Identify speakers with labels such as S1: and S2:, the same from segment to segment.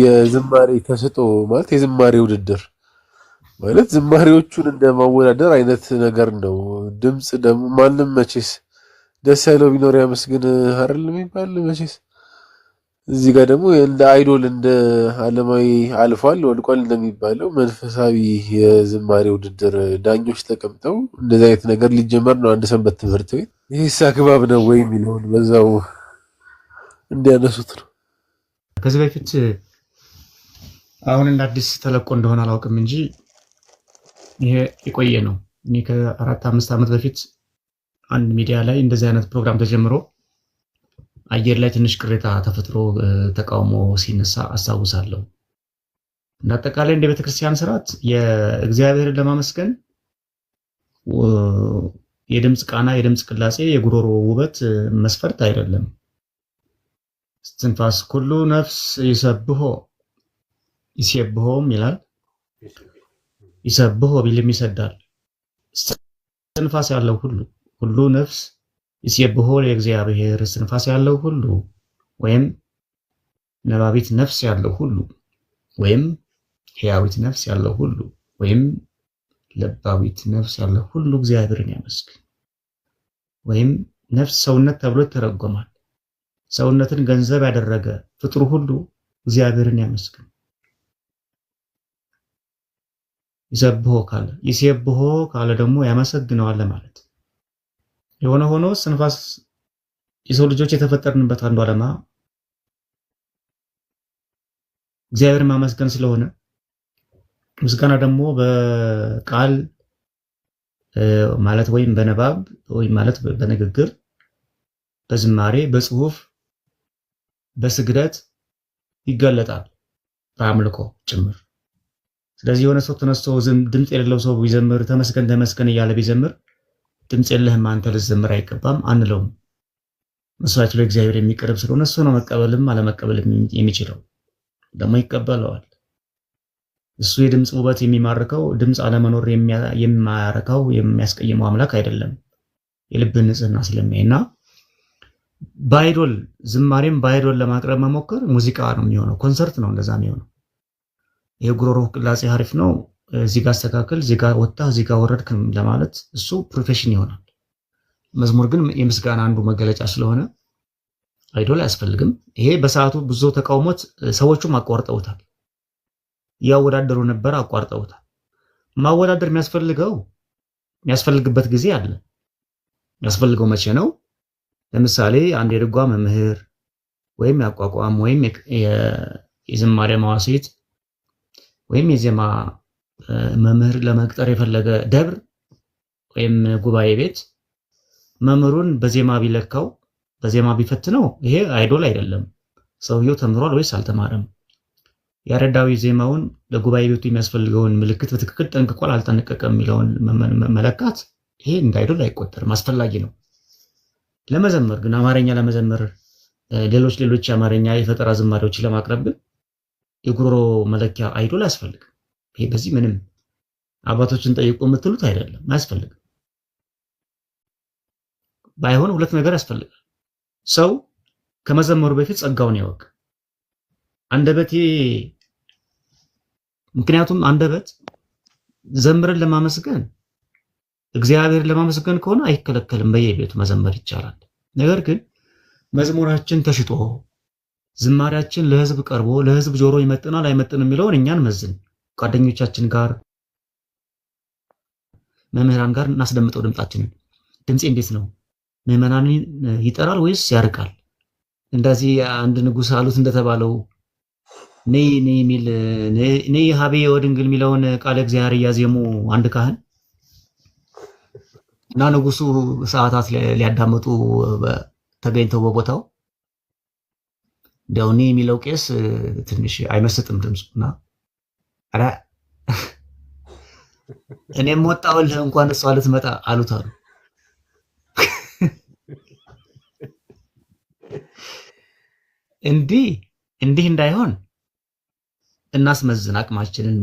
S1: የዝማሬ ተስጦ ማለት የዝማሬ ውድድር ማለት ዝማሬዎቹን እንደ ማወዳደር አይነት ነገር ነው። ድምፅ ደግሞ ማንም መቼስ ደስ ያለው ቢኖር ያመስግን አይደል የሚባል መቼስ። እዚህ ጋር ደግሞ እንደ አይዶል እንደ አለማዊ አልፏል ወድቋል እንደሚባለው መንፈሳዊ የዝማሬ ውድድር ዳኞች ተቀምጠው እንደዚህ አይነት ነገር ሊጀመር ነው። አንድ ሰንበት ትምህርት ቤት ይህስ አግባብ ነው ወይ የሚለውን በዛው እንዲያነሱት ነው
S2: ከዚህ በፊት አሁን እንደ አዲስ ተለቆ እንደሆነ አላውቅም እንጂ ይሄ የቆየ ነው። እኔ ከአራት አምስት ዓመት በፊት አንድ ሚዲያ ላይ እንደዚህ አይነት ፕሮግራም ተጀምሮ አየር ላይ ትንሽ ቅሬታ ተፈጥሮ ተቃውሞ ሲነሳ አስታውሳለሁ። እንደ አጠቃላይ እንደ ቤተክርስቲያን ስርዓት የእግዚአብሔርን ለማመስገን የድምፅ ቃና፣ የድምፅ ቅላጼ፣ የጉሮሮ ውበት መስፈርት አይደለም። እስትንፋስ ኩሉ ነፍስ ይሰብሆ። ይሴብሆም ይላል። ይሰብሆ ቢልም ይሰዳል። እስትንፋስ ያለው ሁሉ ሁሉ ነፍስ ይሴብሆ ለእግዚአብሔር፣ እስትንፋስ ያለው ሁሉ ወይም ነባቢት ነፍስ ያለው ሁሉ ወይም ሕያዊት ነፍስ ያለው ሁሉ ወይም ለባዊት ነፍስ ያለው ሁሉ እግዚአብሔርን ያመስግን። ወይም ነፍስ ሰውነት ተብሎ ይተረጎማል። ሰውነትን ገንዘብ ያደረገ ፍጥሩ ሁሉ እግዚአብሔርን ያመስግን። ይሰብሆ ካለ ይሴብሆ ካለ ደግሞ ያመሰግነዋል ማለት የሆነ ሆኖ ስንፋስ የሰው ልጆች የተፈጠርንበት አንዱ ዓላማ እግዚአብሔር ማመስገን ስለሆነ ምስጋና ደግሞ በቃል ማለት ወይም በንባብ ወይም ማለት በንግግር፣ በዝማሬ፣ በጽሁፍ፣ በስግደት ይገለጣል በአምልኮ ጭምር። ስለዚህ የሆነ ሰው ተነስቶ ድምፅ የሌለው ሰው ቢዘምር ተመስገን ተመስገን እያለ ቢዘምር ድምፅ የለህም አንተ ልዘምር አይገባም አንለውም። መስዋዕቱ ለእግዚአብሔር የሚቀርብ ስለሆነ እሱ ነው መቀበልም አለመቀበልም የሚችለው ደግሞ ይቀበለዋል። እሱ የድምፅ ውበት የሚማርከው ድምፅ አለመኖር የሚያረካው የሚያስቀይመው አምላክ አይደለም። የልብን ንጽህና እና በአይዶል ዝማሬም በአይዶል ለማቅረብ መሞከር ሙዚቃ ነው የሚሆነው፣ ኮንሰርት ነው እንደዛ የሚሆነው። የጉሮሮ ቅላጼ አሪፍ ነው፣ እዚህ ጋር አስተካከል፣ እዚህ ጋር ወጣ፣ እዚህ ጋር ወረድክ ለማለት እሱ ፕሮፌሽን ይሆናል። መዝሙር ግን የምስጋና አንዱ መገለጫ ስለሆነ አይዶል አያስፈልግም። ይሄ በሰዓቱ ብዙ ተቃውሞት ሰዎቹም አቋርጠውታል፣ እያወዳደሩ ነበር አቋርጠውታል። ማወዳደር የሚያስፈልገው የሚያስፈልግበት ጊዜ አለ። የሚያስፈልገው መቼ ነው? ለምሳሌ አንድ የድጓ መምህር ወይም ያቋቋም ወይም የዝማሪያ መዋሥዕት ወይም የዜማ መምህር ለመቅጠር የፈለገ ደብር ወይም ጉባኤ ቤት መምህሩን በዜማ ቢለካው በዜማ ቢፈትነው ይሄ አይዶል አይደለም። ሰውየው ተምሯል ወይስ አልተማረም? ያረዳዊ ዜማውን ለጉባኤ ቤቱ የሚያስፈልገውን ምልክት በትክክል ጠንቅቋል አልጠነቀቀም የሚለውን መለካት ይሄ እንደ አይዶል አይቆጠርም፣ አስፈላጊ ነው። ለመዘመር ግን አማርኛ ለመዘመር ሌሎች ሌሎች የአማርኛ የፈጠራ ዝማሬዎችን ለማቅረብ ግን የጉሮሮ መለኪያ አይዶል አያስፈልግም። ይሄ በዚህ ምንም አባቶችን ጠይቆ የምትሉት አይደለም፣ አያስፈልግም። ባይሆን ሁለት ነገር ያስፈልጋል። ሰው ከመዘመሩ በፊት ጸጋውን ያወቅ አንደበቴ ምክንያቱም አንደበት ዘምርን ለማመስገን እግዚአብሔርን ለማመስገን ከሆነ አይከለከልም፣ በየቤቱ መዘመር ይቻላል። ነገር ግን መዝሙራችን ተሽጦ ዝማሪያችን ለህዝብ ቀርቦ ለህዝብ ጆሮ ይመጥናል አይመጥንም የሚለውን እኛን መዝን። ጓደኞቻችን ጋር መምህራን ጋር እናስደምጠው ድምጣችንን። ድምፄ እንዴት ነው? ምዕመናንን ይጠራል ወይስ ያርቃል? እንደዚህ አንድ ንጉሥ አሉት እንደተባለው ነይ ነይ የሚል ነይ ሀቤ ወድንግል የሚለውን ቃለ እግዚአብሔር እያዜሙ አንድ ካህን እና ንጉሱ ሰዓታት ሊያዳምጡ ተገኝተው በቦታው ደውኔ የሚለው ቄስ ትንሽ አይመስጥም ድምፁና እኔም ወጣሁልህ እንኳን እሷ ልትመጣ አሉት አሉ። እንዲህ እንዲህ እንዳይሆን እናስመዝን አቅማችንን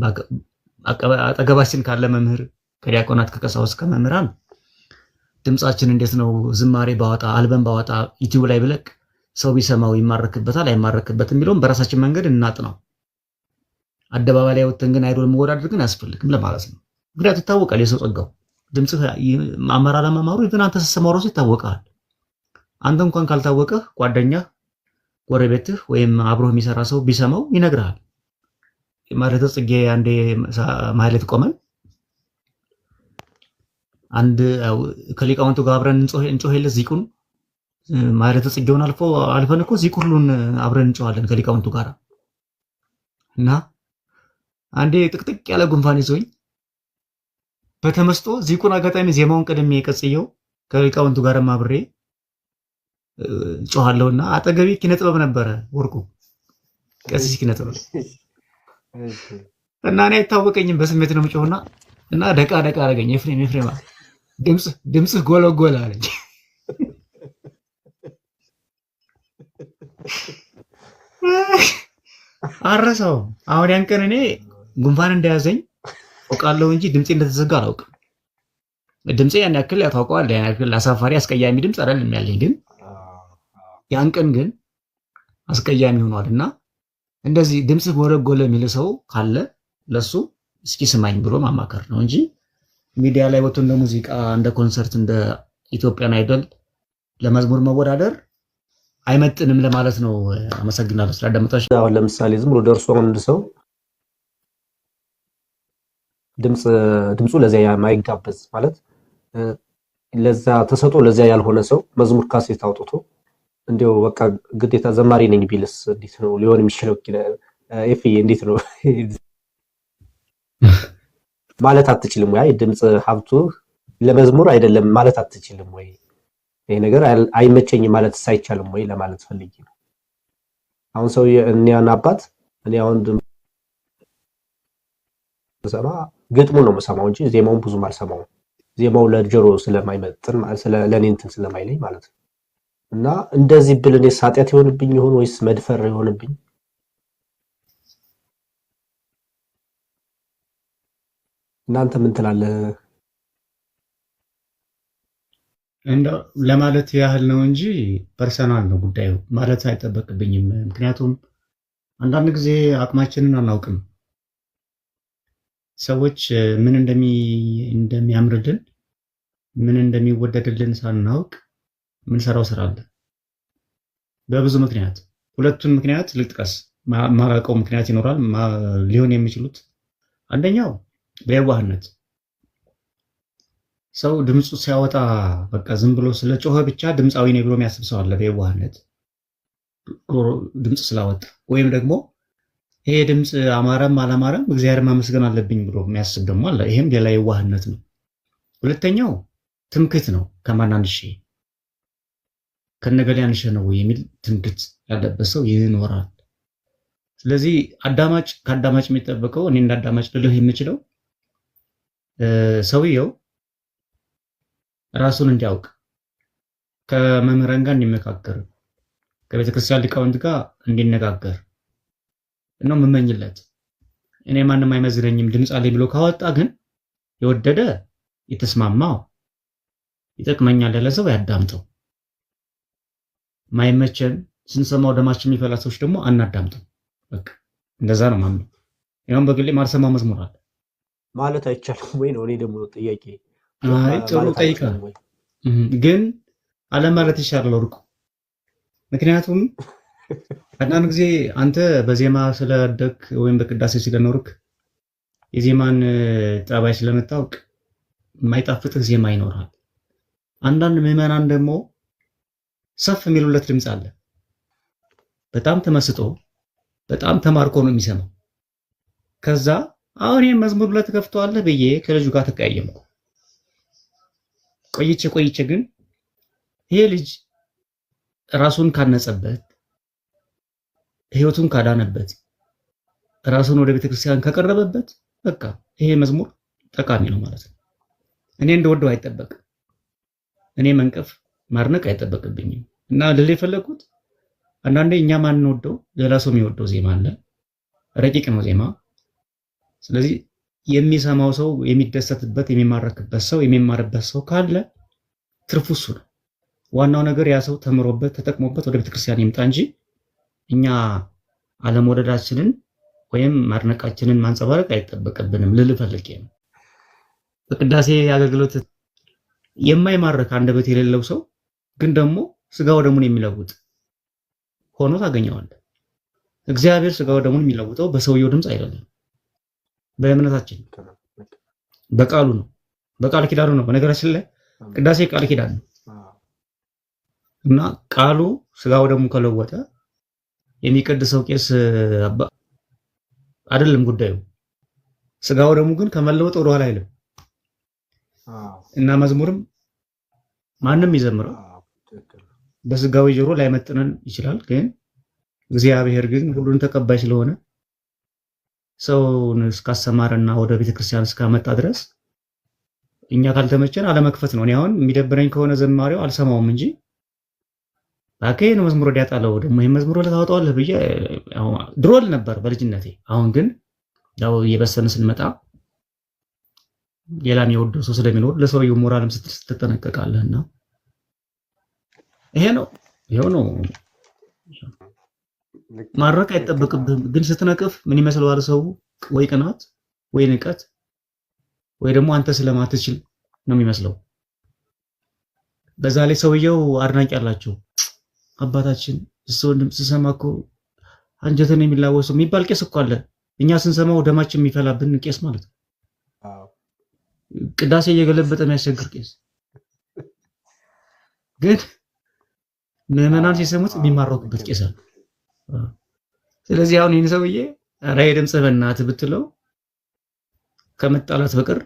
S2: አጠገባችን ካለ መምህር ከዲያቆናት ከቀሳውስ ከመምህራን ድምፃችን እንዴት ነው? ዝማሬ ባወጣ አልበም ባወጣ ዩቲዩብ ላይ ብለቅ ሰው ቢሰማው ይማረክበታል አይማረክበትም የሚለውም በራሳችን መንገድ እናጥ ነው። አደባባይ ላይ ወጥተን ግን አይዶል መወዳደር ግን አያስፈልግም ለማለት ነው። ምክንያቱ ይታወቃል፣ የሰው ጸጋው ድምፅ አመራ ለማማሩ ግን አንተ ስትሰማው ራሱ ይታወቃል። አንተ እንኳን ካልታወቀህ ጓደኛ ጎረቤትህ ወይም አብሮህ የሚሰራ ሰው ቢሰማው ይነግርሃል። ማለት ጽጌ አንድ ማህሌት ቆመን አንድ ከሊቃውንቱ ጋር አብረን እንጮሄለት ዚቁን ማለት ጽጌውን አልፎ አልፈን እኮ ዚቁ ሁሉን አብረን እንጨዋለን ከሊቃውንቱ ጋር እና አንዴ ጥቅጥቅ ያለ ጉንፋን ይዞኝ በተመስጦ ዚቁን አጋጣሚ ዜማውን ቀደም የቀጽየው ከሊቃውንቱ ጋር አብሬ ጮኋለሁና አጠገቤ ኪነጥበብ ነበረ ወርቁ ቀሲስ ኪነጥበብ እና እኔ አይታወቀኝም በስሜት ነው የምጮህና እና ደቃ ደቃ አደረገኝ ኤፍሬም ኤፍሬም ድምፅህ ጎለጎለ አለኝ አረሰው አሁን ያን ቀን እኔ ጉንፋን እንደያዘኝ አውቃለሁ እንጂ ድምፄ እንደተዘጋ አላውቅም። ድምፄ ያን ያክል ያታውቀዋል ያን ያክል አሳፋሪ አስቀያሚ ድምፅ አይደል የሚያለኝ ግን ያን ቀን ግን አስቀያሚ ሆኗል እና እንደዚህ ድምፅ ጎለጎለ የሚል ሰው ካለ ለሱ እስኪ ስማኝ ብሎ ማማከር ነው እንጂ ሚዲያ ላይ ወጥቶ እንደ ሙዚቃ እንደ ኮንሰርት እንደ ኢትዮጵያን አይደል ለመዝሙር መወዳደር አይመጥንም ለማለት ነው። አመሰግናለሁ ስላዳመጣሽ።
S3: አሁን ለምሳሌ ዝም ብሎ ደርሶ አንድ ሰው ድምፁ ለዚያ ማይጋበዝ ማለት ለዛ ተሰጦ ለዚያ ያልሆነ ሰው መዝሙር ካሴት አውጥቶ እንዲያው በቃ ግዴታ ዘማሪ ነኝ ቢልስ እንዴት ነው ሊሆን የሚችለው? ኤፍ እንዴት ነው ማለት አትችልም ወይ? ድምፅ ሀብቱ ለመዝሙር አይደለም ማለት አትችልም ወይ? ይሄ ነገር አይመቸኝም ማለት ሳይቻልም ወይ ለማለት ፈልጌ ነው። አሁን ሰው እኒያን አባት እኔ አሁን ሰማ ግጥሙ ነው የምሰማው እንጂ ዜማውን ብዙም አልሰማውም። ዜማው ለጆሮ ስለማይመጥን ለእኔ እንትን ስለማይለኝ ማለት ነው። እና እንደዚህ ብል እኔ ኃጢአት የሆንብኝ ይሆን ወይስ መድፈር የሆንብኝ? እናንተ ምን ትላለህ?
S2: ለማለት ያህል ነው እንጂ ፐርሰናል ነው ጉዳዩ ማለት አይጠበቅብኝም። ምክንያቱም አንዳንድ ጊዜ አቅማችንን አናውቅም። ሰዎች ምን እንደሚያምርልን ምን እንደሚወደድልን ሳናውቅ ምንሰራው ስራ አለ። በብዙ ምክንያት ሁለቱን ምክንያት ልጥቀስ። ማቀው ምክንያት ይኖራል ሊሆን የሚችሉት አንደኛው በየዋህነት ሰው ድምፁ ሲያወጣ በቃ ዝም ብሎ ስለ ጮኸ ብቻ ድምፃዊ ነኝ ብሎ የሚያስብ ሰው አለ። በየዋህነት ድምፅ ስላወጣ ወይም ደግሞ ይሄ ድምፅ አማረም አላማረም እግዚአብሔር ማመስገን አለብኝ ብሎ የሚያስብ ደግሞ አለ። ይሄም ሌላ የዋህነት ነው። ሁለተኛው ትምክት ነው። ከማን አንሼ ከነገሌ አንሸ ነው የሚል ትምክት ያለበት ሰው ይኖራል። ስለዚህ አዳማጭ ከአዳማጭ የሚጠበቀው እኔ እንደ አዳማጭ ልልህ የምችለው ሰውየው ራሱን እንዲያውቅ ከመምህራን ጋር እንዲመካከር ከቤተክርስቲያን ሊቃውንት ጋር እንዲነጋገር ነው የምመኝለት። እኔ ማንም አይመዝነኝም ድምፅ አለኝ ብሎ ካወጣ ግን የወደደ የተስማማው ይጠቅመኛል ያለ ሰው ያዳምጠው። ማይመቸን ስንሰማው ደማችን የሚፈላ ሰዎች ደግሞ አናዳምጠው። በቃ እንደዛ ነው ማምነው። ያውም በግሌ ማልሰማ መዝሙር አለ
S3: ማለት አይቻልም ወይ ነው እኔ ደግሞ ጥያቄ
S2: አይ ጥሩ ጠይቃል፣ ግን አለማለት ይሻላል ወርቁ። ምክንያቱም አንዳንድ ጊዜ አንተ በዜማ ስለደክ ወይም በቅዳሴ ስለኖርክ የዜማን ጠባይ ስለምታውቅ የማይጣፍጥህ ዜማ ይኖራል። አንዳንድ ምዕመናን ደግሞ ሰፍ የሚሉለት ድምፅ አለ። በጣም ተመስጦ በጣም ተማርኮ ነው የሚሰማው። ከዛ አሁን ይህን መዝሙር ብለህ ትከፍተዋለህ ብዬ ከልጁ ጋር ተቀያየምኩ። ቆይቼ ቆይቼ ግን ይሄ ልጅ ራሱን ካነጸበት ህይወቱን ካዳነበት ራሱን ወደ ቤተክርስቲያን ካቀረበበት በቃ ይሄ መዝሙር ጠቃሚ ነው ማለት ነው። እኔ እንደወደው አይጠበቅም። እኔ መንቀፍ ማድነቅ አይጠበቅብኝም። እና ልል የፈለግኩት አንዳንዴ እኛ ማንወደው ሌላ ሰው የሚወደው ዜማ አለ። ረቂቅ ነው ዜማ። ስለዚህ የሚሰማው ሰው የሚደሰትበት የሚማረክበት ሰው የሚማርበት ሰው ካለ ትርፉ እሱ ነው። ዋናው ነገር ያ ሰው ተምሮበት ተጠቅሞበት ወደ ቤተክርስቲያን ይምጣ እንጂ እኛ አለመወደዳችንን ወይም ማድነቃችንን ማንጸባረቅ አይጠበቅብንም ልል ፈልጌ ነው። በቅዳሴ አገልግሎት የማይማረክ አንደበት የሌለው ሰው ግን ደግሞ ስጋ ወደሙን የሚለውጥ ሆኖ ታገኘዋለህ። እግዚአብሔር ስጋ ወደሙን የሚለውጠው በሰውየው ድምፅ አይደለም። በእምነታችን በቃሉ ነው፣ በቃል ኪዳኑ ነው። በነገራችን ላይ ቅዳሴ ቃል ኪዳን ነው እና ቃሉ ስጋው ደግሞ ከለወጠ የሚቀድሰው ቄስ አባ አይደለም ጉዳዩ። ስጋው ደግሞ ግን ከመለወጥ ኋላ አይልም እና መዝሙርም ማንም ይዘምረው በስጋዊ ጆሮ ላይመጥነን ይችላል። ግን እግዚአብሔር ግን ሁሉን ተቀባይ ስለሆነ ሰውን እስካሰማረና ወደ ቤተክርስቲያን እስካመጣ ድረስ እኛ ካልተመቸን አለመክፈት ነው። እኔ አሁን የሚደብረኝ ከሆነ ዘማሪው አልሰማውም እንጂ ባከይን መዝሙር ሊያጣለው ደግሞ ይህ መዝሙር ታወጣዋለህ ብዬ ድሮል ነበር በልጅነቴ። አሁን ግን ያው እየበሰን ስንመጣ ሌላም የወደው ሰው ስለሚኖር ለሰውየው ሞራልም ስትጠነቀቃለህና ይሄ ነው ይሄው ነው። ማድረቅ አይጠበቅብህም። ግን ስትነቅፍ ምን ይመስለዋል ሰው? ወይ ቅናት፣ ወይ ንቀት፣ ወይ ደግሞ አንተ ስለማትችል ነው የሚመስለው። በዛ ላይ ሰውየው አድናቂ አላቸው። አባታችን እሰወንድም ስሰማ እኮ አንጀትን የሚላወሰው የሚባል ቄስ እኮ አለ። እኛ ስንሰማው ደማችን የሚፈላብን ቄስ ማለት ነው። ቅዳሴ እየገለበጠ የሚያስቸግር ቄስ ግን ምዕመናን ሲሰሙት የሚማረኩበት ቄስ አለ። ስለዚህ አሁን ይህን ሰውዬ ኧረ የድምፅህ በእናትህ ብትለው ከመጣላት በቀር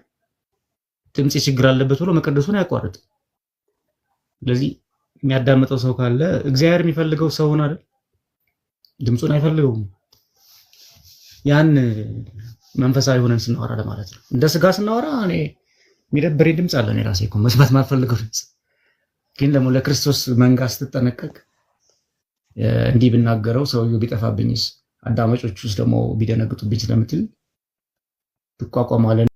S2: ድምፅ ችግር አለበት ብሎ መቀደሱን ያቋርጥ ስለዚህ የሚያዳምጠው ሰው ካለ እግዚአብሔር የሚፈልገው ሰውን አይደል፣ ድምፁን አይፈልገውም። ያን መንፈሳዊ ሆነን ስናወራ ለማለት ነው። እንደ ስጋ ስናወራ እኔ የሚደብሬ ድምፅ አለ እኔ ራሴ እኮ መስማት ማልፈልገው ድምፅ፣ ግን ደግሞ ለክርስቶስ መንጋ ስትጠነቀቅ እንዲህ ብናገረው ሰውየው ቢጠፋብኝስ አዳማጮች ውስጥ ደግሞ ቢደነግጡብኝ ስለምትል ትቋቋማለን።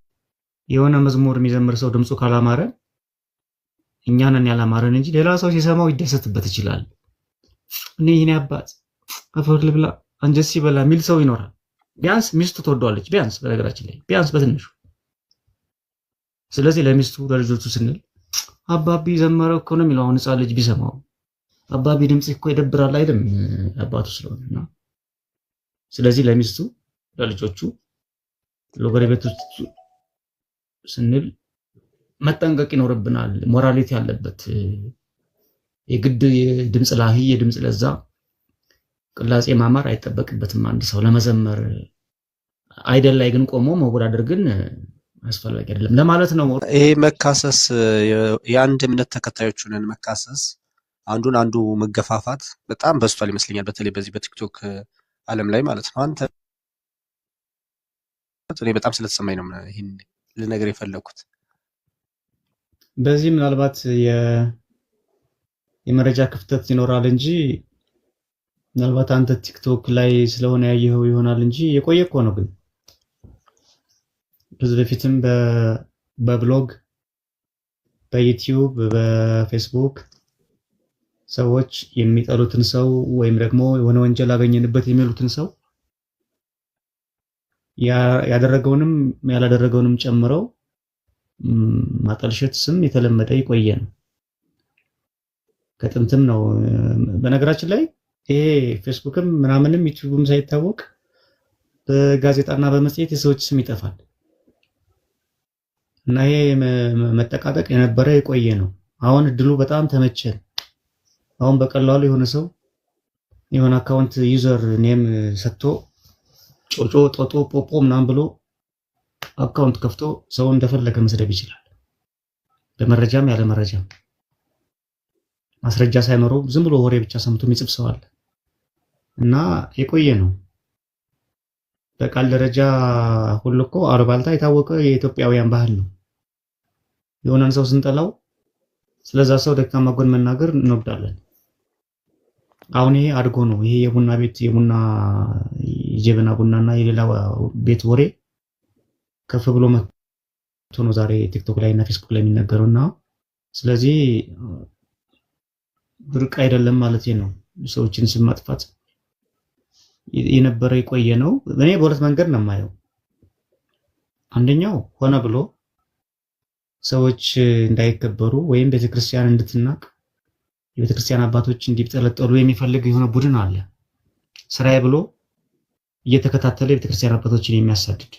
S2: የሆነ መዝሙር የሚዘምር ሰው ድምፁ ካላማረ እኛንን ያላማረን እንጂ ሌላ ሰው ሲሰማው ይደሰትበት ይችላል። እኔ ይህኔ አባት አፈር ልብላ አንጀት ሲበላ የሚል ሰው ይኖራል። ቢያንስ ሚስቱ ትወደዋለች። ቢያንስ በነገራችን ላይ ቢያንስ በትንሹ ስለዚህ ለሚስቱ ለልጆቹ ስንል አባቢ ዘመረ እኮ ነው የሚለው አሁን ህፃን ልጅ ቢሰማው አባቢ ድምጽ እኮ ይደብራል አይደል? አባቱ ስለሆነና ስለዚህ ለሚስቱ ለልጆቹ ለጎረቤቶቹ ስንል መጠንቀቅ ይኖርብናል። ሞራሊቲ ያለበት የግድ ድምፅ ላህ የድምፅ ለዛ ቅላጼ ማማር አይጠበቅበትም። አንድ ሰው ለመዘመር አይደል ላይ ግን ቆሞ መወዳደር ግን አስፈላጊ አይደለም
S3: ለማለት ነው። ይሄ መካሰስ የአንድ እምነት ተከታዮች ሆነን መካሰስ አንዱን አንዱ መገፋፋት በጣም በስቷል ይመስለኛል። በተለይ በዚህ በቲክቶክ ዓለም ላይ ማለት ነው። አንተ እኔ በጣም ስለተሰማኝ ነው ይህን ልነገር የፈለግኩት።
S2: በዚህ ምናልባት የመረጃ ክፍተት ይኖራል እንጂ ምናልባት አንተ ቲክቶክ ላይ ስለሆነ ያየኸው ይሆናል እንጂ የቆየ እኮ ነው። ግን ከዚህ በፊትም በብሎግ በዩቲዩብ በፌስቡክ ሰዎች የሚጠሉትን ሰው ወይም ደግሞ የሆነ ወንጀል አገኘንበት የሚሉትን ሰው ያደረገውንም ያላደረገውንም ጨምረው ማጠልሸት ስም የተለመደ የቆየ ነው። ከጥንትም ነው። በነገራችን ላይ ይሄ ፌስቡክም ምናምንም ዩቲዩብም ሳይታወቅ በጋዜጣና በመጽሔት የሰዎች ስም ይጠፋል እና ይሄ መጠቃቀቅ የነበረ የቆየ ነው። አሁን እድሉ በጣም ተመቸን። አሁን በቀላሉ የሆነ ሰው የሆነ አካውንት ዩዘር ኔም ሰጥቶ ጮጮ ጦጦ ፖፖ ምናምን ብሎ አካውንት ከፍቶ ሰውን እንደፈለገ መስደብ ይችላል። በመረጃም ያለ መረጃም ማስረጃ ሳይመሩ ዝም ብሎ ወሬ ብቻ ሰምቶ የሚጽፍ ሰው አለ እና የቆየ ነው። በቃል ደረጃ ሁሉ እኮ አሉባልታ የታወቀ የኢትዮጵያውያን ባህል ነው። የሆነን ሰው ስንጠላው ስለዛ ሰው ደካማ ጎን መናገር እንወዳለን። አሁን ይሄ አድጎ ነው። ይሄ የቡና ቤት የቡና የጀበና ቡናና የሌላ ቤት ወሬ ከፍ ብሎ መጥቶ ነው ዛሬ ቲክቶክ ላይ እና ፌስቡክ ላይ የሚነገረው እና ስለዚህ ብርቅ አይደለም ማለት ነው። ሰዎችን ስም ማጥፋት የነበረ የቆየ ነው። እኔ በሁለት መንገድ ነው የማየው። አንደኛው ሆነ ብሎ ሰዎች እንዳይከበሩ ወይም ቤተክርስቲያን እንድትናቅ የቤተክርስቲያን አባቶች እንዲጠለጠሉ የሚፈልግ የሆነ ቡድን አለ። ስራዬ ብሎ እየተከታተለ የቤተክርስቲያን አባቶችን የሚያሳድድ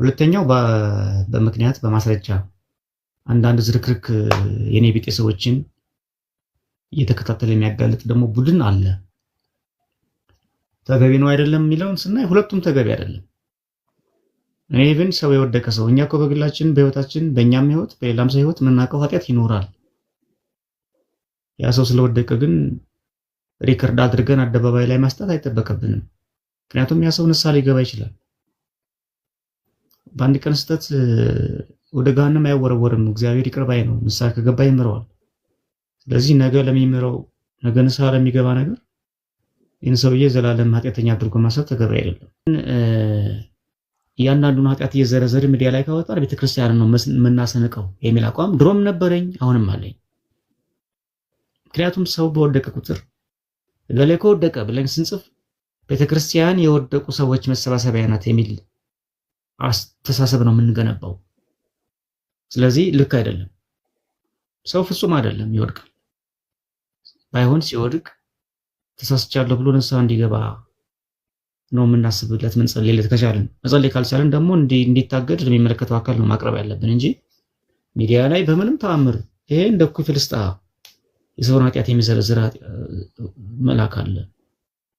S2: ሁለተኛው በምክንያት በማስረጃ አንዳንድ ዝርክርክ የኔ ቢጤ ሰዎችን እየተከታተለ የሚያጋልጥ ደግሞ ቡድን አለ። ተገቢ ነው አይደለም የሚለውን ስናይ ሁለቱም ተገቢ አይደለም። እኔ ግን ሰው የወደቀ ሰው እኛ እኮ በግላችን በህይወታችን በእኛም ህይወት በሌላም ሰው ህይወት የምናውቀው ኃጢአት ይኖራል። ያ ሰው ስለወደቀ ግን ሪከርድ አድርገን አደባባይ ላይ ማስጣት አይጠበቅብንም። ምክንያቱም ያ ሰው ንስሐ ሊገባ ይችላል። በአንድ ቀን ስህተት ወደ ገሃነም አይወረወርም። እግዚአብሔር ይቅር ባይ ነው። ንስሐ ከገባ ይምረዋል። ስለዚህ ነገ ለሚምረው ነገ ንስሐ ለሚገባ ነገር ይህን ሰውዬ ዘላለም ኃጢአተኛ አድርጎ ማሰብ ተገቢ አይደለም። እያንዳንዱን ኃጢአት እየዘረዘር ሚዲያ ላይ ካወጣ ቤተክርስቲያን ነው የምናሰንቀው የሚል አቋም ድሮም ነበረኝ፣ አሁንም አለኝ። ምክንያቱም ሰው በወደቀ ቁጥር ገሌኮ ወደቀ ብለን ስንጽፍ ቤተክርስቲያን የወደቁ ሰዎች መሰባሰቢያ ናት የሚል አስተሳሰብ ነው የምንገነባው። ስለዚህ ልክ አይደለም። ሰው ፍጹም አይደለም፣ ይወድቃል። ባይሆን ሲወድቅ ተሳስቻለሁ ብሎ ንስሐ እንዲገባ ነው የምናስብለት፣ ምንጸልይለት ከቻለን። መጸለይ ካልቻለን ደግሞ እንዲታገድ ለሚመለከተው አካል ነው ማቅረብ ያለብን እንጂ ሚዲያ ላይ በምንም ተአምር ይሄ እንደ ኩፍልስጣ የሰውን ኃጢአት የሚዘረዝር መልአክ አለ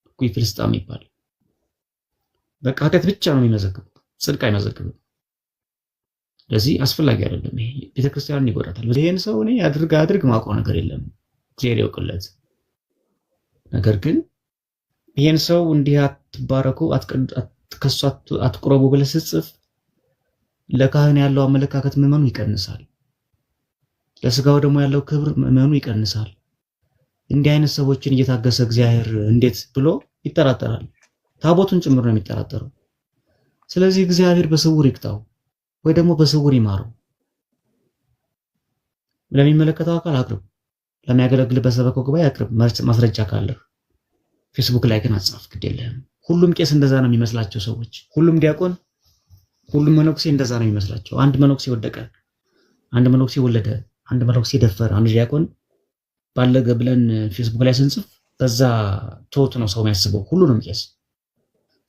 S2: እኮ ፍልስጣም ይባል። በቃ ኃጢአት ብቻ ነው የሚመዘግበው፣ ጽድቅ አይመዘግብም። ስለዚህ አስፈላጊ አይደለም። ይሄ ቤተክርስቲያንን ይጎዳታል። ይህን ሰው እኔ አድርግ አድርግ ማውቀው ነገር የለም፣ እግዚአብሔር ይወቅለት። ነገር ግን ይህን ሰው እንዲህ አትባረኩ፣ ከሱ አትቁረቡ ብለህ ስትጽፍ ለካህን ያለው አመለካከት ምዕመኑ ይቀንሳል። ለስጋው ደግሞ ያለው ክብር ምዕመኑ ይቀንሳል። እንዲህ አይነት ሰዎችን እየታገሰ እግዚአብሔር እንዴት ብሎ ይጠራጠራል። ታቦቱን ጭምር ነው የሚጠራጠረው። ስለዚህ እግዚአብሔር በስውር ይቅጣው ወይ ደግሞ በስውር ይማረው። ለሚመለከተው አካል አቅርብ፣ ለሚያገለግል በሰበከው ጉባኤ አቅርብ ማስረጃ ካለህ። ፌስቡክ ላይ ግን አጻፍ ግድ የለህም። ሁሉም ቄስ እንደዛ ነው የሚመስላቸው ሰዎች፣ ሁሉም ዲያቆን፣ ሁሉም መነኩሴ እንደዛ ነው የሚመስላቸው። አንድ መነኩሴ ወደቀ፣ አንድ መነኩሴ ወለደ አንድ መነኩሴ ሲደፈር አንድ ዲያቆን ባለገ ብለን ፌስቡክ ላይ ስንጽፍ በዛ ቶት ነው ሰው የሚያስበው ሁሉንም ቄስ።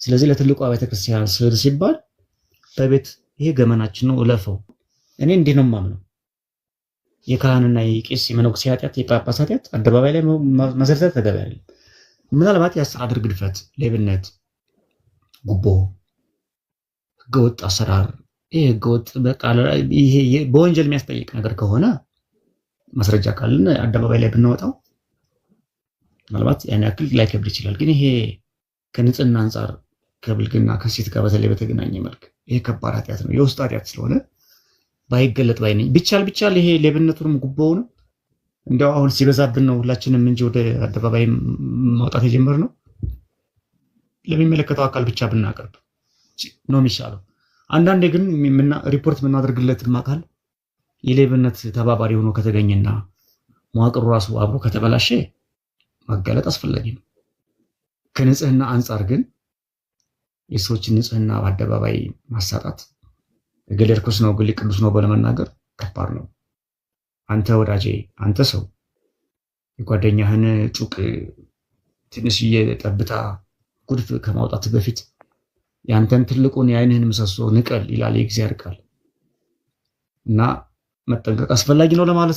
S2: ስለዚህ ለትልቋ ቤተክርስቲያን ስዕል ሲባል በቤት ይሄ ገመናችን ነው እለፈው። እኔ እንዲህ ነው የማምነው። የካህንና የቄስ የመነኩሴ ኃጢአት፣ የጳጳስ ኃጢአት አደባባይ ላይ መዘርዘር ተገቢ አይደለም። ምናልባት የአስተዳደር ግድፈት፣ ሌብነት፣ ጉቦ፣ ህገወጥ አሰራር፣ ይህ ህገወጥ በቃ ይሄ በወንጀል የሚያስጠይቅ ነገር ከሆነ ማስረጃ ካለን አደባባይ ላይ ብናወጣው ምናልባት ያን ያክል ላይከብድ ይችላል። ግን ይሄ ከንጽህና አንጻር ከብልግና ከሴት ጋር በተለይ በተገናኘ መልክ ይሄ ከባድ ኃጢአት ነው፣ የውስጥ ኃጢአት ስለሆነ ባይገለጥ ባይነኝ ብቻል ብቻል ይሄ ሌብነቱንም ጉቦውንም እንዲያው አሁን ሲበዛብን ነው ሁላችንም እንጂ ወደ አደባባይ ማውጣት የጀመርነው ለሚመለከተው አካል ብቻ ብናቀርብ ነው የሚሻለው። አንዳንዴ ግን ሪፖርት የምናደርግለት አካል የሌብነት ተባባሪ ሆኖ ከተገኘና መዋቅሩ ራሱ አብሮ ከተበላሸ ማጋለጥ አስፈላጊ ነው። ከንጽህና አንጻር ግን የሰዎችን ንጽህና በአደባባይ ማሳጣት እገሌ ርኩስ ነው፣ እገሌ ቅዱስ ነው በለመናገር ለመናገር ከባድ ነው። አንተ ወዳጄ፣ አንተ ሰው የጓደኛህን ጩቅ ትንሽዬ ጠብታ ጉድፍ ከማውጣት በፊት ያንተን ትልቁን የአይንህን ምሰሶ ንቀል ይላል የእግዚአብሔር ቃል እና መጠንቀቅ አስፈላጊ ነው ለማለት ነው።